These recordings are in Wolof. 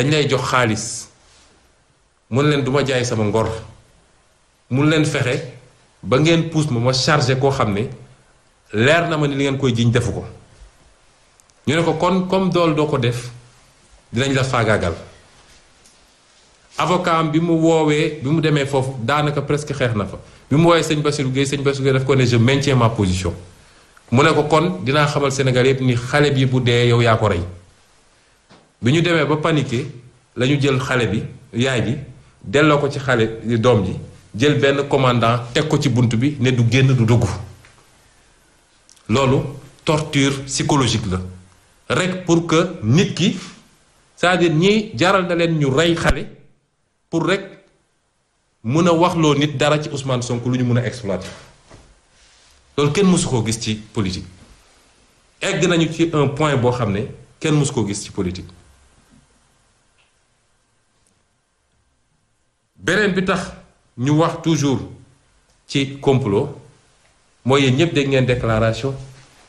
dañ lay jox xaalis mun leen du ma jaay sama ngor mun leen fexe ba ngeen puus ma ma chargé koo xam ne leer na ma ni li ngeen koy jiñ defu ko ñu ne ko kon comme dool doo ko def dinañ la faagaagal avocat bi mu woowee bi mu demee foofu daanaka presque xeex na fa bi mu woowee sëñ Bassirou Guèye sëñ Bassirou Guèye daf ko ne je maintiens ma position mu ne ko kon dinaa xamal Sénégal yëpp ni xale bi bu dee yow yaa ko rey bi ñu demee ba paniqué la ñu jël xale bi yaay ji delloo ko ci xale doom ji jël benn commandant teg ko ci bunt bi ne du génn du dugg loolu torture psychologique la rek pour que nit ki saa à ñi jaral na leen ñu rey xale pour rek mun a wax loo nit dara ci Ousmane Sonko lu ñu mun a exploiter loolu kenn mësu koo gis ci politique egg nañu ci un point boo xam ne kenn mësu koo gis ci politique beneen bi tax ñu wax toujours ci complot mooy yéen ñëpp dégg ngeen déclaration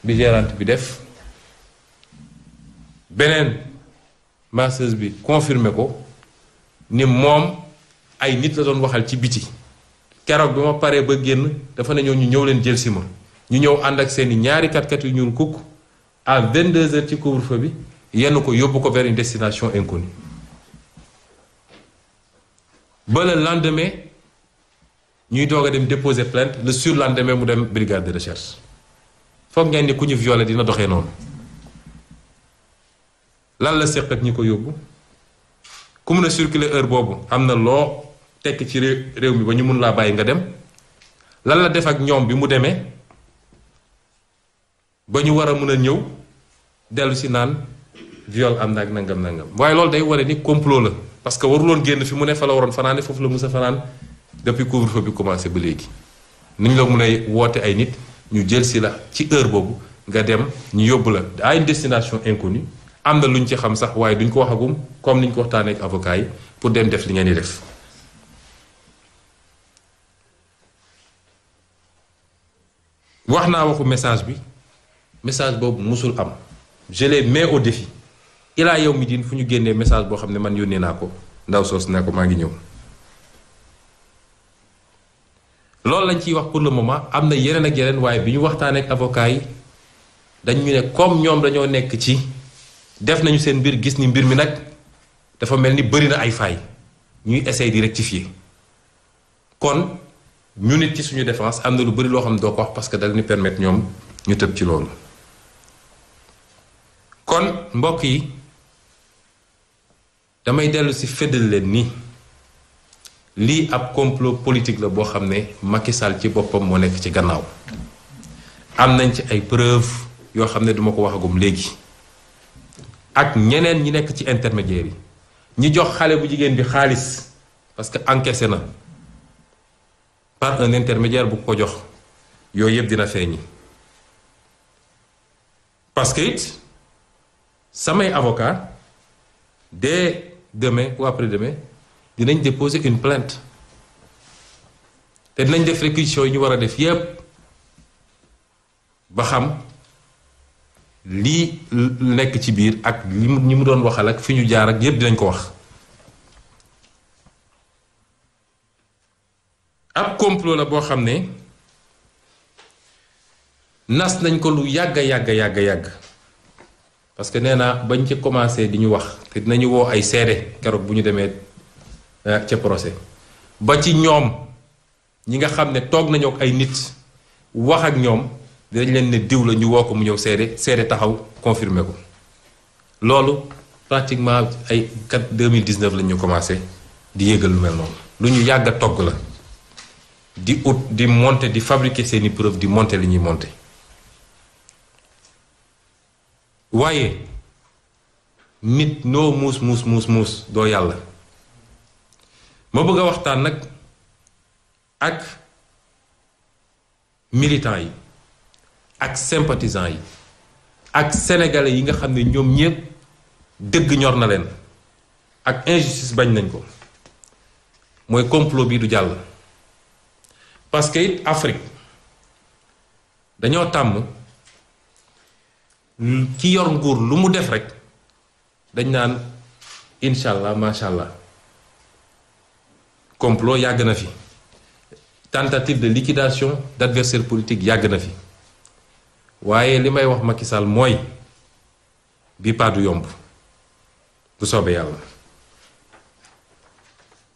bi gérante bi def beneen masseuse bi confirmé ko ni moom ay nit la doon waxal ci biti keroog bi ma paree ba génn dafa ne ñoo ñu ñëw leen jël si ma ñu ñëw ànd ak seeni ñaari katkat yu ñuul kukk à 22 heures ci couvre bi yenn ko yóbbu ko vers une destination inconnue ba le lendemain ñuy doog a dem déposer plainte le surlendemain mu dem brigade de recherche foog ngeen ni ku ñu violé dina doxee noonu lan la séq ak ñi ko yóbbu ku mun a circuler heure boobu am na loo tekk ci réew mi ba ñu mun laa bàyyi nga dem lan la def ak ñoom bi mu demee ba ñu war a mën a ñëw dellu si naan viol am na ak nangam nangam waaye loolu day ware ni complot la. parce que waruloon génn fi mu ne fa la waroon fanaane foofu la mus a fanaan depuis couvre-feu bi commencé ba léegi niñ ñu la mun a woote ay nit ñu jël si la ci heure boobu nga dem ñu yóbbu la à une destination inconnue am na lu ñu ci xam sax waaye duñ ko wax waxagum comme ni ñu ko waxtaanee ak avocat yi pour dem def li ngeen di def. wax naa waxu message bi message boobu musul am je mais mets au défi. ilaa yow mi diin fu ñu génnee message boo xam ne man yónnee naa ko ndaw soos ne ko maa ngi ñëw loolu lañ ciy wax pour le moment am na yeneen ak yeneen waaye bi ñu waxtaanee ak avocat yi dañ ñu ne comme ñoom dañoo nekk ci def nañu seen mbir gis ni mbir mi nag dafa mel ni bëri na ay faay ñuy essayer di rectifier kon ñu nit ci suñu défense am na lu bëri loo xam ne doo ko wax parce que dañu permettre ñoom ñu tëb ci loolu kon mbokk yi. damay dellusi si leen ni lii ab complot politique la boo xam ne Macky Sall ci boppam moo nekk ci gannaaw am nañ ci ay preuve yoo xam ne duma ko waxagum léegi ak ñeneen ñi nekk ci intermédier yi ñi jox xale bu jigéen bi xaalis parce que encaissé na par un intermédiaire bu ko jox yooyu yëpp dina feeñi parce que samay avocat de demain ou après-demain dinañ déposer une plainte te dinañ def réquisition yi ñu war a def yépp ba xam lii nekk ci biir ak li mu ñi mu doon waxal ak fi ñu jaar ak yépp dinañ ko wax ab complot la boo xam ne nas nañ ko lu yàgg a yàgg yàgg yàgg parce que nee naa bañ ci commencé di ñu wax te dinañu woo ay seede keroog bu ñu demee eh, ca procès ba ci ñoom ñi nga xam ne toog nañu ak ay nit wax ak ñoom dinañ leen ne diw la ñu woo ko mu ñëw seede seede taxaw confirmer ko loolu pratiquement ay kat 2019 la ñu commencé di yëgal lu mel noonu lu ñu yàgg a togg la di ut di monter di fabriquer seen preuve di monter li ñuy monter. waaye nit ñoo muus muus muus muus doo yàlla ma bëgg a waxtaan nag ak militants yi ak sympathisants yi ak sénégalais yi nga xam ne ñoom ñëpp dëgg ñor na leen ak injustice bañ nañ ko mooy complot bii du jàll parce que it Afrique dañoo tàmm ci yor nguur lu mu def rek dañ naan incha allah macha allah complot yàgg na fi tentative de liquidation d'adversaire politique yàgg na fi waaye li may wax Macky Sall mooy bi pas du yomb bu soobee yàlla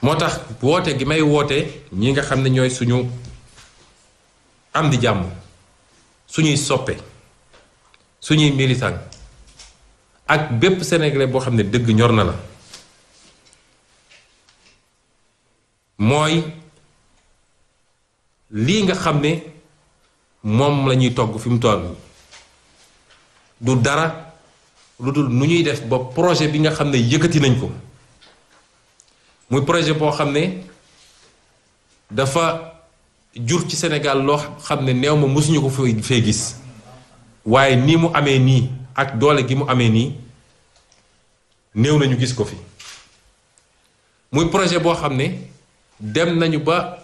moo tax woote gi may woote ñi nga xam ne ñooy suñu am di jàmm suñuy soppe suñuy militant ak bépp sénégalais boo xam ne dëgg ñor na la mooy lii nga xam ne moom la ñuy togg fi mu toll du dara lu dul nu ñuy def ba projet bi nga xam ne yëkkati nañ ko muy projet boo xam ne dafa jur ci Sénégal loo xam ne néew ma mosuñu ko fay fee gis waaye nii mu amee nii ak doole gi mu amee nii néew nañu gis ko fi muy projet boo xam ne dem nañu ba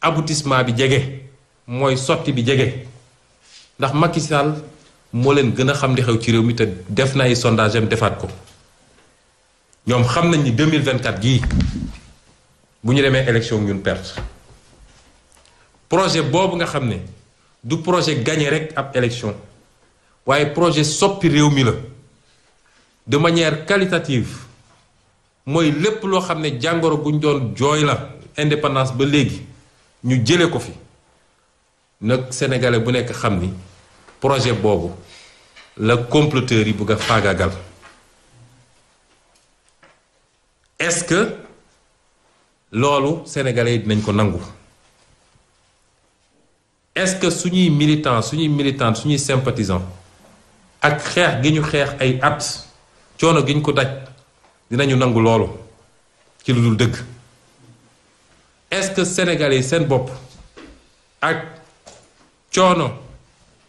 aboutissement bi jege mooy sotti bi jege ndax Macky Sall moo leen gën a xam di xew ci réew mi te def na ay sondage am defaat ko ñoom xam nañ ni 2024 gii bu ñu demee élection ñun perte projet boobu nga xam ne du projet gagné rek ab élection waaye projet soppi réew mi la de manière qualitative mooy lépp loo xam ne jàngoro guñ doon jooy la indépendance ba léegi ñu jële ko fi nag sénégalais bu nekk xam ni projet boobu la comploteurs yi bëgg a faagaagal est-ce que loolu sénégalais yi dinañ ko nangu est-ce que suñuy militant suñuy militantes suñuy sympathisants ak xeex gi ñu xeex ay at coono gi ñu ko daj dinañu nangu loolu ci lu dul dëgg est-ce que sénégalais yi seen bopp ak coono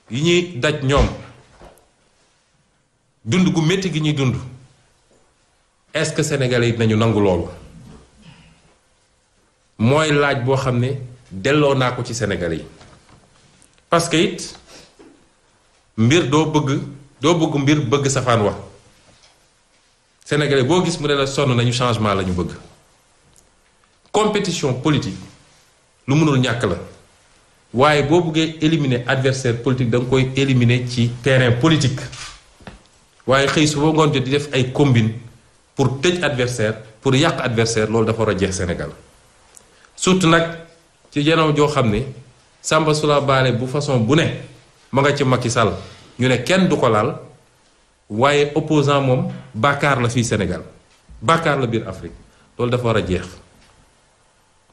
yi ñuy daj ñoom dund gu métti gi ñuy dund est-ce que sénégalais yi dinañu nangu loolu mooy laaj boo xam ne delloo naa ko ci sénégalais yi parce it mbir doo bëgg. doo bëgg mbir bëgg safaan wa sénégalais boo gis mu ne la sonn nañu changement la ñu bëgg compétition politique lu mënul ñàkk la waaye boo bëggee éliminer adversaire politique da koy éliminer ci terrain politique waaye xëy su boo ngoon jot di def ay combine pour tëj adversaire pour yàq adversaire loolu dafa war a jeex Sénégal surtout nag ci janoo joo xam ne Samba Sula bu façon bu ne ma nga ci Macky Sall ñu ne kenn du ko laal waaye opposant moom bàkkaar la fii Sénégal bàkkaar la biir Afrique loolu dafa war a jeex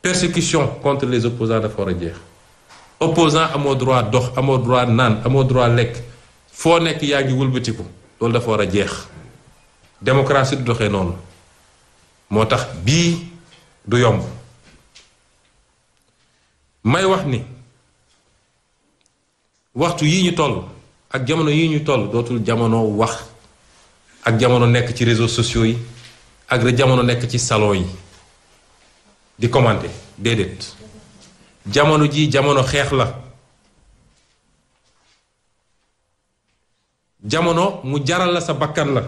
persécution contre les opposants dafa war a jeex opposant amoo droit dox amoo droit naan amoo droit lekk foo nekk yaa ngi wëlbatiku loolu dafa war a jeex démocratie du doxee noonu moo tax bii du yomb may wax ni waxtu yi ñu toll ak jamono yi ñu toll dootul jamono wax ak jamono nekk ci réseau sociaux yi ak jamono nekk ci salon yi di commenter déedéet jamono ji jamono xeex la jamono mu jaral la sa bakkan la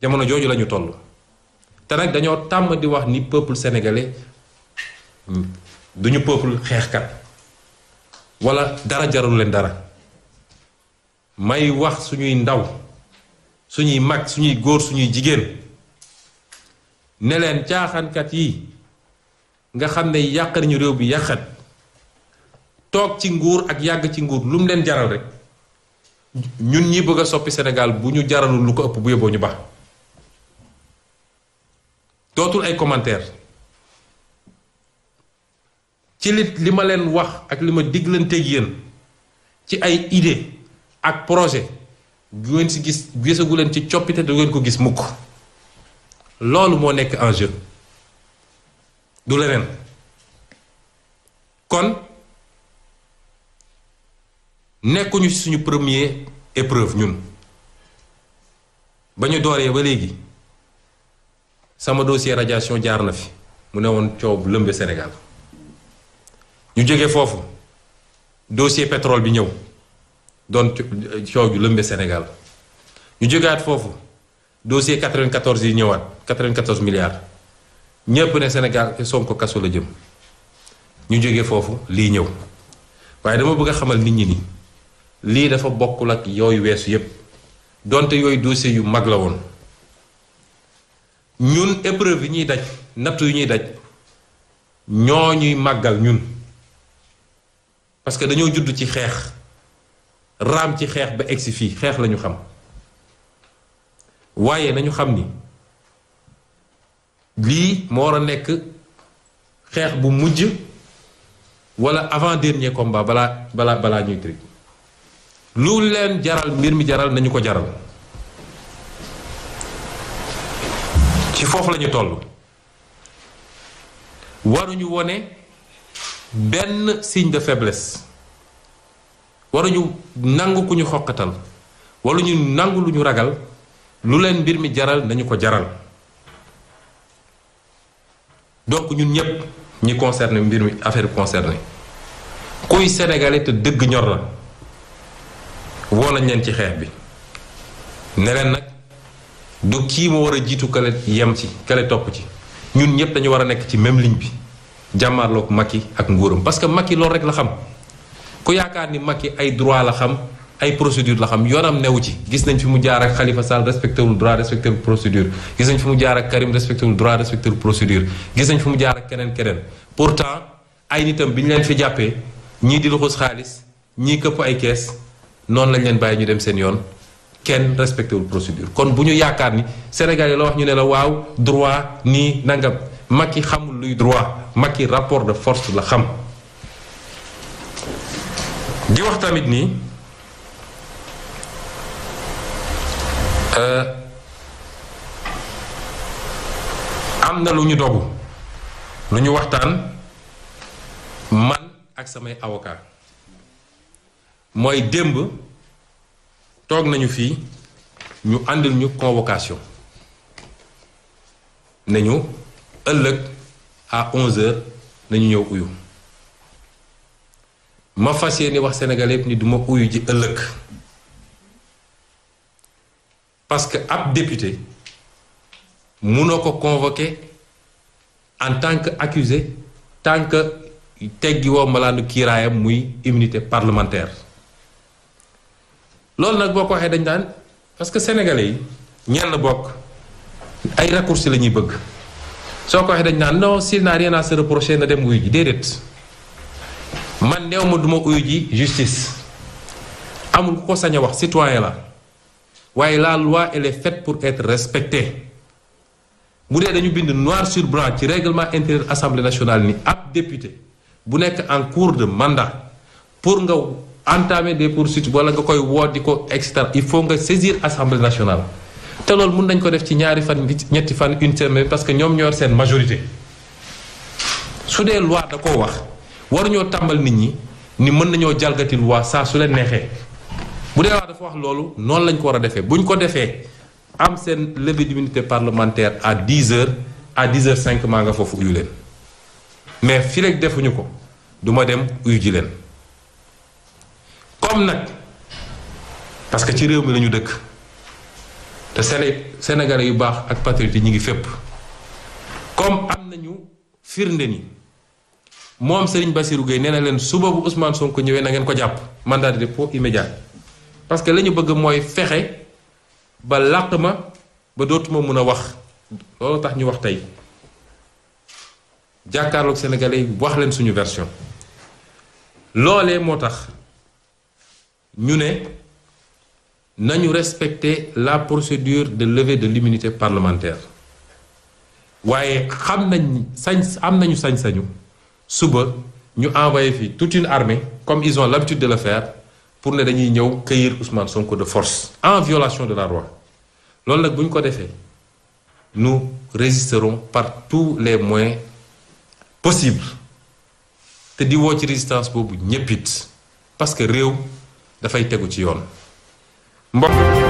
jamono jooju lañu toll te nag dañoo tàmm di wax ni peuple sénégalais duñu peuple xeexkat wala dara jarul leen dara may wax suñuy ndaw suñuy mag suñuy góor suñuy jigéen ne leen caaxaankat yi nga xam ne yàqar ñu réew bi yàqat toog ci nguur ak yàgg ci nguur lu mu leen jaral rekk ñun ñi bëgg a soppi Sénégal bu ñu jaralul lu ko ëpp bu yóbboo ñu ba tootul ay komanteer ci lit li ma leen wax ak li ma diglanteeg yéen ci ay idée ak projet gu ngeen si gis gisagu leen ci coppite du ngeen ko gis mukk loolu moo nekk en jeu du leneen kon nekkuñu suñu premier épreuve ñun ba ñu dooree ba léegi sama dossier radiation jaar na fi mu ne woon coow bu lëmbe Sénégal ñu jóge foofu dossier pétrole bi ñëw doon coow ju lëmbe Sénégal ñu jógaat foofu dossier 94 yi ñëwaat 94 milliards ñëpp ne Sénégal Sonko kaso la jëm ñu jóge foofu lii ñëw waaye dama bëgg a xamal nit ñi ni lii dafa bokkul ak yooyu weesu yépp donte yooyu dossier yu mag la woon ñun épreuve yi ñuy daj nattu yu ñuy daj ñoo ñuy màggal ñun parce que dañoo judd ci xeex raam ci xeex ba egsi fii xeex lañu xam waaye nañu xam ni lii moo war a nekk xeex bu mujj wala avant dernier combat balaa balaa balaa ñuy tri lu leen jaral mbir mi jaral nañu ko jaral ci foofu lañu toll waruñu wone benn signe de faibles waruñu nangu ku ñu xoqatal wala ñu nangu luñu ragal lu leen mbir mi jaral nañu ko jaral donc ñun ñëpp ñi conserne mbir mi affaire concerné kuy sénégalais te dëgg ñor la woo nañ leen ci xeex bi ne leen nag du kii mu war a jiitu kale yem ci kale topp ci ñun ñëpp dañu war a nekk ci même ligne bi. jàmmaarloog yi ak nguuram parce que yi loolu rek la xam ku yaakaar ni yi ay droit la xam ay procédure la xam yoonam newu ci gis nañ fi mu jaar ak Khalifa Sall respecté wul droit respecté wul gis nañ fi mu jaar ak Karim respecté wul droit respecté wul procédure gis nañ fi mu jaar ak keneen keneen pourtant ay nitam bi ñu leen fi jàppee ñii di luxus xaalis ñii këpp ay kees noonu lañ leen bàyyi ñu dem seen yoon kenn respecté wul procédure kon bu ñu yaakaar ni Sénégal yi ñu ne la waaw droit nii nangam Macky xamul luy droit Macky rapport de force la xam di wax tamit nii euh, am na lu ñu dogu lu ñu waxtaan man ak samay avocat mooy démb toog nañu fii ñu àndil ñu convocation ne ñu ëllëg à 11h nañu ñëw uyu ma fas yéene wax Sénégalais yëpp ni duma uyu ji ëllëg parce que ab député munoo ko convoqué en tant que accusé tant que teggi woo kiiraayam muy immunité parlementaire loolu nag boo ko waxee dañ daan parce que sénégalais yi ñenn bokk ay raccourci la ñuy bëgg soo ko waxee dañ naan non si n'a rien à se reprocher na dem uyu ji déedéet man néew ma du ma uyu ji justice amul ku ko sañ wax citoyen la waaye la loi elle est pour être respecté bu dee dañu bind noir sur blanc ci règlement intérieur assemblée nationale ni ab député bu nekk en cours de mandat pour nga entamer pour poursuites wala nga koy woo di ko extra il faut nga saisir assemblée nationale te loolu mun nañ ko def ci ñaari fan ñetti fan une semaine parce que ñoom ñoo seen majorité su dee loi da koo wax waruñoo tàmbal nit ñi ni mën nañoo jalgati loi saa su leen neexee bu dee loi dafa wax loolu noonu lañ ko war a defee bu ñu ko defee am seen levée d'immunité parlementaire à 10 heures à 10 heures 5 maa nga foofu uyu leen mais fii rek defuñu ko du ma dem uyu ji leen comme nag parce que ci réew mi la ñu dëkk. te sénégalais yu baax ak patriote yi ñu ngi fépp comme am nañu firnde ni moom Serigne Bassirou Gueye nee na leen suba bu Ousmane ko ñëwee na ngeen ko jàpp mandat de dépôt immédiat parce que la bëgg mooy fexe ba làq ma ba dootuma mën a wax loolu tax ñu wax tey jàkkaarloog sénégalais yi wax leen suñu version loolee moo tax ñu ne. nañu respecter la procédure de lever de l'immunité parlementaire waaye xam nañ sañ am nañu sañ-sañu suba ñu envoyé fi toute une armée comme ils ont l'habitude de le faire pour ne dañuy ñëw cueillir Ousmane Sonko de force en violation de la loi loolu nag bu ñu ko defee nu résisterons par tous les moyens possible te di woo ci résistance boobu ñëpp it parce que réew dafay tegu ci yoon. mbokk